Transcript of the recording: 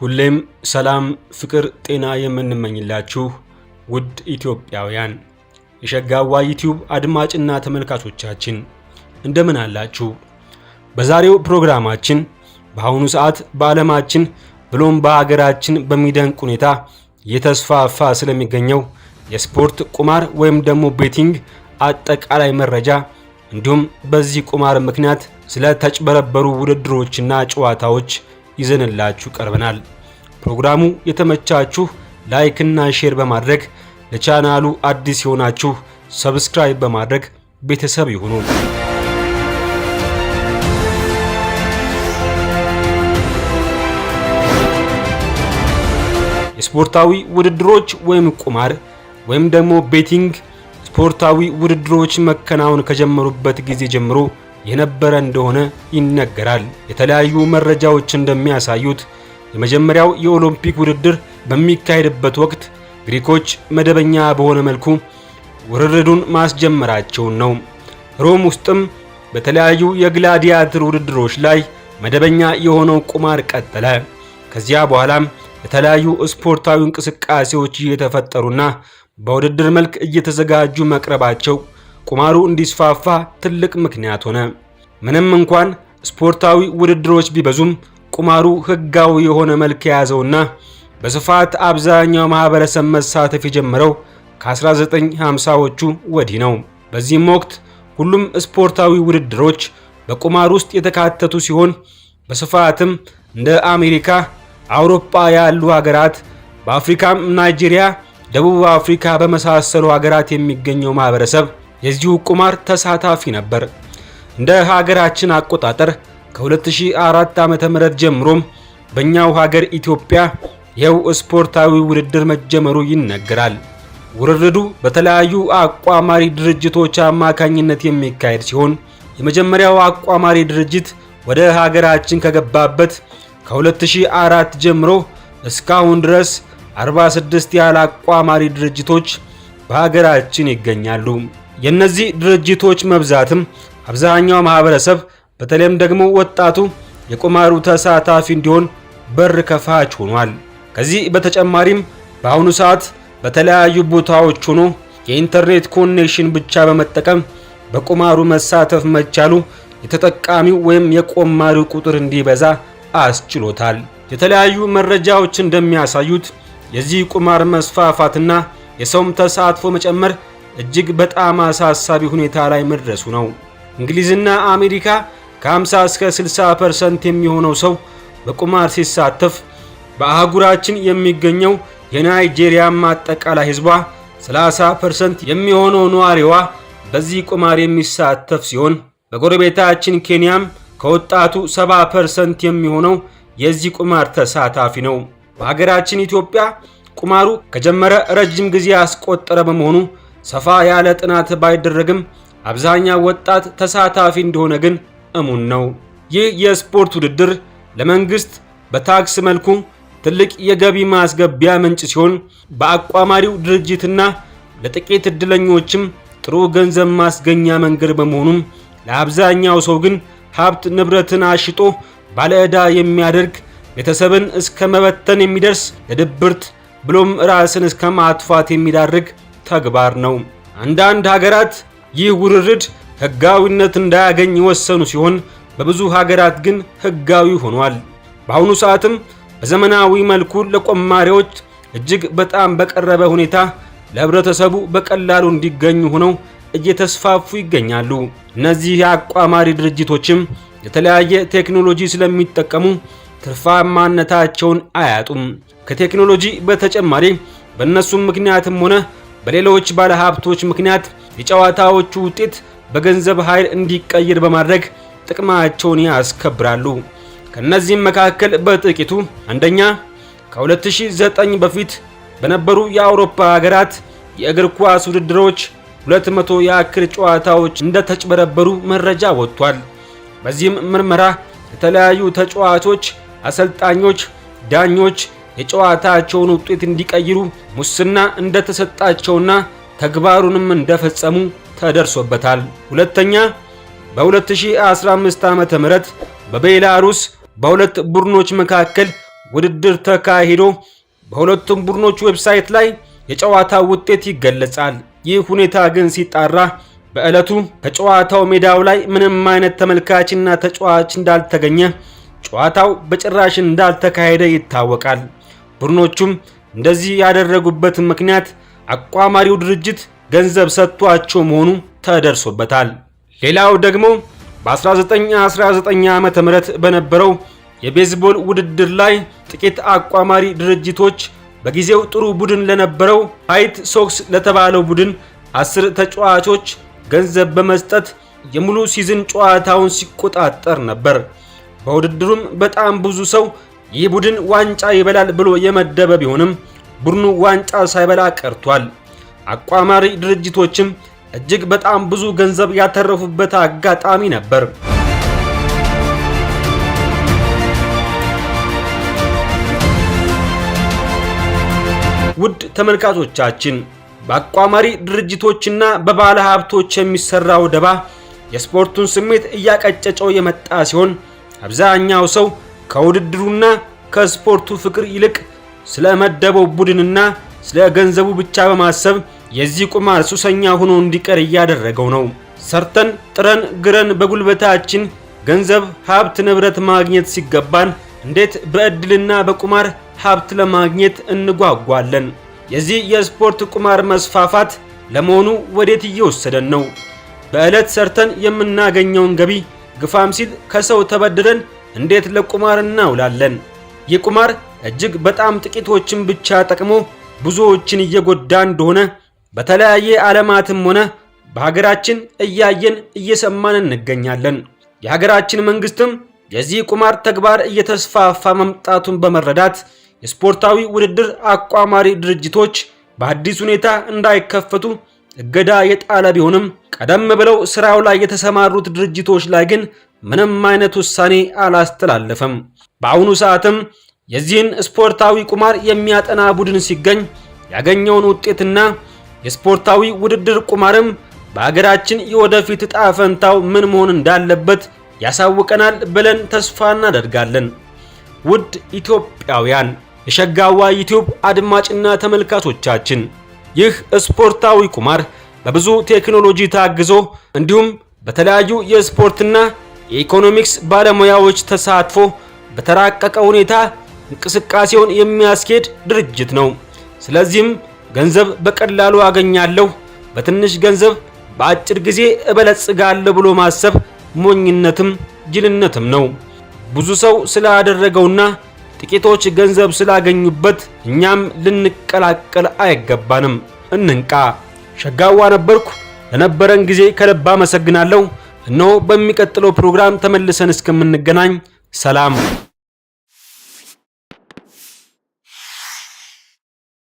ሁሌም ሰላም፣ ፍቅር፣ ጤና የምንመኝላችሁ ውድ ኢትዮጵያውያን የሸጋዋ ዩቲዩብ አድማጭና ተመልካቾቻችን እንደምን አላችሁ? በዛሬው ፕሮግራማችን በአሁኑ ሰዓት በዓለማችን ብሎም በሀገራችን በሚደንቅ ሁኔታ የተስፋፋ ስለሚገኘው የስፖርት ቁማር ወይም ደግሞ ቤቲንግ አጠቃላይ መረጃ እንዲሁም በዚህ ቁማር ምክንያት ስለ ተጭበረበሩ ውድድሮችና ጨዋታዎች ይዘንላችሁ ቀርበናል። ፕሮግራሙ የተመቻችሁ ላይክ እና ሼር በማድረግ ለቻናሉ አዲስ የሆናችሁ ሰብስክራይብ በማድረግ ቤተሰብ ይሁኑ። የስፖርታዊ ውድድሮች ወይም ቁማር ወይም ደግሞ ቤቲንግ ስፖርታዊ ውድድሮች መከናወን ከጀመሩበት ጊዜ ጀምሮ የነበረ እንደሆነ ይነገራል። የተለያዩ መረጃዎች እንደሚያሳዩት የመጀመሪያው የኦሎምፒክ ውድድር በሚካሄድበት ወቅት ግሪኮች መደበኛ በሆነ መልኩ ውርርዱን ማስጀመራቸውን ነው። ሮም ውስጥም በተለያዩ የግላዲያትር ውድድሮች ላይ መደበኛ የሆነው ቁማር ቀጠለ። ከዚያ በኋላም የተለያዩ ስፖርታዊ እንቅስቃሴዎች እየተፈጠሩና በውድድር መልክ እየተዘጋጁ መቅረባቸው ቁማሩ እንዲስፋፋ ትልቅ ምክንያት ሆነ። ምንም እንኳን ስፖርታዊ ውድድሮች ቢበዙም ቁማሩ ህጋዊ የሆነ መልክ የያዘውና በስፋት አብዛኛው ማህበረሰብ መሳተፍ የጀመረው ከ1950ዎቹ ወዲህ ነው። በዚህም ወቅት ሁሉም ስፖርታዊ ውድድሮች በቁማር ውስጥ የተካተቱ ሲሆን በስፋትም እንደ አሜሪካ፣ አውሮፓ ያሉ ሀገራት በአፍሪካም ናይጄሪያ፣ ደቡብ አፍሪካ በመሳሰሉ ሀገራት የሚገኘው ማህበረሰብ የዚሁ ቁማር ተሳታፊ ነበር። እንደ ሀገራችን አቆጣጠር ከ2004 ዓ.ም ጀምሮም በእኛው ሀገር ኢትዮጵያ ይኸው ስፖርታዊ ውድድር መጀመሩ ይነገራል። ውርርዱ በተለያዩ አቋማሪ ድርጅቶች አማካኝነት የሚካሄድ ሲሆን የመጀመሪያው አቋማሪ ድርጅት ወደ ሀገራችን ከገባበት ከ2004 ጀምሮ እስካሁን ድረስ 46 ያህል አቋማሪ ድርጅቶች በሀገራችን ይገኛሉ። የእነዚህ ድርጅቶች መብዛትም አብዛኛው ማህበረሰብ በተለይም ደግሞ ወጣቱ የቁማሩ ተሳታፊ እንዲሆን በር ከፋች ሆኗል። ከዚህ በተጨማሪም በአሁኑ ሰዓት በተለያዩ ቦታዎች ሆኖ የኢንተርኔት ኮኔክሽን ብቻ በመጠቀም በቁማሩ መሳተፍ መቻሉ የተጠቃሚው ወይም የቁማሩ ቁጥር እንዲበዛ አስችሎታል። የተለያዩ መረጃዎች እንደሚያሳዩት የዚህ ቁማር መስፋፋትና የሰውም ተሳትፎ መጨመር እጅግ በጣም አሳሳቢ ሁኔታ ላይ መድረሱ ነው። እንግሊዝና አሜሪካ ከ50 እስከ 60 ፐርሰንት የሚሆነው ሰው በቁማር ሲሳተፍ በአህጉራችን የሚገኘው የናይጄሪያም አጠቃላይ ህዝቧ 30 ፐርሰንት የሚሆነው ነዋሪዋ በዚህ ቁማር የሚሳተፍ ሲሆን በጎረቤታችን ኬንያም ከወጣቱ 70 ፐርሰንት የሚሆነው የዚህ ቁማር ተሳታፊ ነው። በሀገራችን ኢትዮጵያ ቁማሩ ከጀመረ ረጅም ጊዜ ያስቆጠረ በመሆኑ ሰፋ ያለ ጥናት ባይደረግም አብዛኛው ወጣት ተሳታፊ እንደሆነ ግን እሙን ነው። ይህ የስፖርት ውድድር ለመንግስት በታክስ መልኩ ትልቅ የገቢ ማስገቢያ ምንጭ ሲሆን በአቋማሪው ድርጅትና ለጥቂት እድለኞችም ጥሩ ገንዘብ ማስገኛ መንገድ በመሆኑም ለአብዛኛው ሰው ግን ሀብት ንብረትን አሽጦ ባለዕዳ የሚያደርግ ቤተሰብን እስከ መበተን የሚደርስ ለድብርት ብሎም ራስን እስከ ማጥፋት የሚዳርግ ተግባር ነው። አንዳንድ ሀገራት ይህ ውርርድ ህጋዊነት እንዳያገኝ የወሰኑ ሲሆን በብዙ ሀገራት ግን ህጋዊ ሆኗል። በአሁኑ ሰዓትም በዘመናዊ መልኩ ለቆማሪዎች እጅግ በጣም በቀረበ ሁኔታ ለህብረተሰቡ በቀላሉ እንዲገኙ ሆነው እየተስፋፉ ይገኛሉ። እነዚህ የአቋማሪ ድርጅቶችም የተለያየ ቴክኖሎጂ ስለሚጠቀሙ ትርፋማነታቸውን አያጡም። ከቴክኖሎጂ በተጨማሪ በእነሱም ምክንያትም ሆነ በሌሎች ባለሀብቶች ምክንያት የጨዋታዎቹ ውጤት በገንዘብ ኃይል እንዲቀየር በማድረግ ጥቅማቸውን ያስከብራሉ። ከእነዚህም መካከል በጥቂቱ አንደኛ ከ2009 በፊት በነበሩ የአውሮፓ ሀገራት የእግር ኳስ ውድድሮች 200 የአክል ጨዋታዎች እንደተጭበረበሩ መረጃ ወጥቷል። በዚህም ምርመራ የተለያዩ ተጫዋቾች፣ አሰልጣኞች፣ ዳኞች የጨዋታቸውን ውጤት እንዲቀይሩ ሙስና እንደተሰጣቸውና ተግባሩንም እንደፈጸሙ ተደርሶበታል። ሁለተኛ በ2015 ዓ.ም በቤላሩስ በሁለት ቡድኖች መካከል ውድድር ተካሂዶ በሁለቱም ቡድኖች ዌብሳይት ላይ የጨዋታ ውጤት ይገለጻል። ይህ ሁኔታ ግን ሲጣራ በዕለቱ ከጨዋታው ሜዳው ላይ ምንም አይነት ተመልካችና ተጫዋች እንዳልተገኘ፣ ጨዋታው በጭራሽ እንዳልተካሄደ ይታወቃል። ቡድኖቹም እንደዚህ ያደረጉበት ምክንያት አቋማሪው ድርጅት ገንዘብ ሰጥቷቸው መሆኑ ተደርሶበታል። ሌላው ደግሞ በ1919 ዓ.ም በነበረው የቤዝቦል ውድድር ላይ ጥቂት አቋማሪ ድርጅቶች በጊዜው ጥሩ ቡድን ለነበረው ዋይት ሶክስ ለተባለው ቡድን አስር ተጫዋቾች ገንዘብ በመስጠት የሙሉ ሲዝን ጨዋታውን ሲቆጣጠር ነበር። በውድድሩም በጣም ብዙ ሰው ይህ ቡድን ዋንጫ ይበላል ብሎ የመደበ ቢሆንም ቡድኑ ዋንጫ ሳይበላ ቀርቷል። አቋማሪ ድርጅቶችም እጅግ በጣም ብዙ ገንዘብ ያተረፉበት አጋጣሚ ነበር። ውድ ተመልካቾቻችን በአቋማሪ ድርጅቶችና በባለ ሀብቶች የሚሰራው ደባ የስፖርቱን ስሜት እያቀጨጨው የመጣ ሲሆን አብዛኛው ሰው ከውድድሩና ከስፖርቱ ፍቅር ይልቅ ስለ መደበው ቡድንና ስለ ገንዘቡ ብቻ በማሰብ የዚህ ቁማር ሱሰኛ ሆኖ እንዲቀር እያደረገው ነው። ሰርተን ጥረን ግረን በጉልበታችን ገንዘብ፣ ሀብት፣ ንብረት ማግኘት ሲገባን እንዴት በእድልና በቁማር ሀብት ለማግኘት እንጓጓለን? የዚህ የስፖርት ቁማር መስፋፋት ለመሆኑ ወዴት እየወሰደን ነው? በዕለት ሰርተን የምናገኘውን ገቢ ግፋም ሲል ከሰው ተበድረን እንዴት ለቁማር እናውላለን? ይህ ቁማር እጅግ በጣም ጥቂቶችን ብቻ ጠቅሞ ብዙዎችን እየጎዳ እንደሆነ በተለያየ ዓለማትም ሆነ በሀገራችን እያየን እየሰማን እንገኛለን። የሀገራችን መንግስትም የዚህ ቁማር ተግባር እየተስፋፋ መምጣቱን በመረዳት የስፖርታዊ ውድድር አቋማሪ ድርጅቶች በአዲስ ሁኔታ እንዳይከፈቱ እገዳ የጣለ ቢሆንም ቀደም ብለው ስራው ላይ የተሰማሩት ድርጅቶች ላይ ግን ምንም አይነት ውሳኔ አላስተላለፈም። በአሁኑ ሰዓትም የዚህን ስፖርታዊ ቁማር የሚያጠና ቡድን ሲገኝ ያገኘውን ውጤትና የስፖርታዊ ውድድር ቁማርም በሀገራችን የወደፊት ጣፈንታው ፈንታው ምን መሆን እንዳለበት ያሳውቀናል ብለን ተስፋ እናደርጋለን። ውድ ኢትዮጵያውያን፣ የሸጋዋ ዩቲዩብ አድማጭና ተመልካቾቻችን ይህ ስፖርታዊ ቁማር በብዙ ቴክኖሎጂ ታግዞ እንዲሁም በተለያዩ የስፖርትና የኢኮኖሚክስ ባለሙያዎች ተሳትፎ በተራቀቀ ሁኔታ እንቅስቃሴውን የሚያስኬድ ድርጅት ነው። ስለዚህም ገንዘብ በቀላሉ አገኛለሁ፣ በትንሽ ገንዘብ በአጭር ጊዜ እበለጽጋለሁ ብሎ ማሰብ ሞኝነትም ጅልነትም ነው። ብዙ ሰው ስላደረገውና ጥቂቶች ገንዘብ ስላገኙበት እኛም ልንቀላቀል አይገባንም። እንንቃ። ሸጋዋ ነበርኩ። ለነበረን ጊዜ ከልብ አመሰግናለሁ። እነሆ በሚቀጥለው ፕሮግራም ተመልሰን እስከምንገናኝ ሰላም።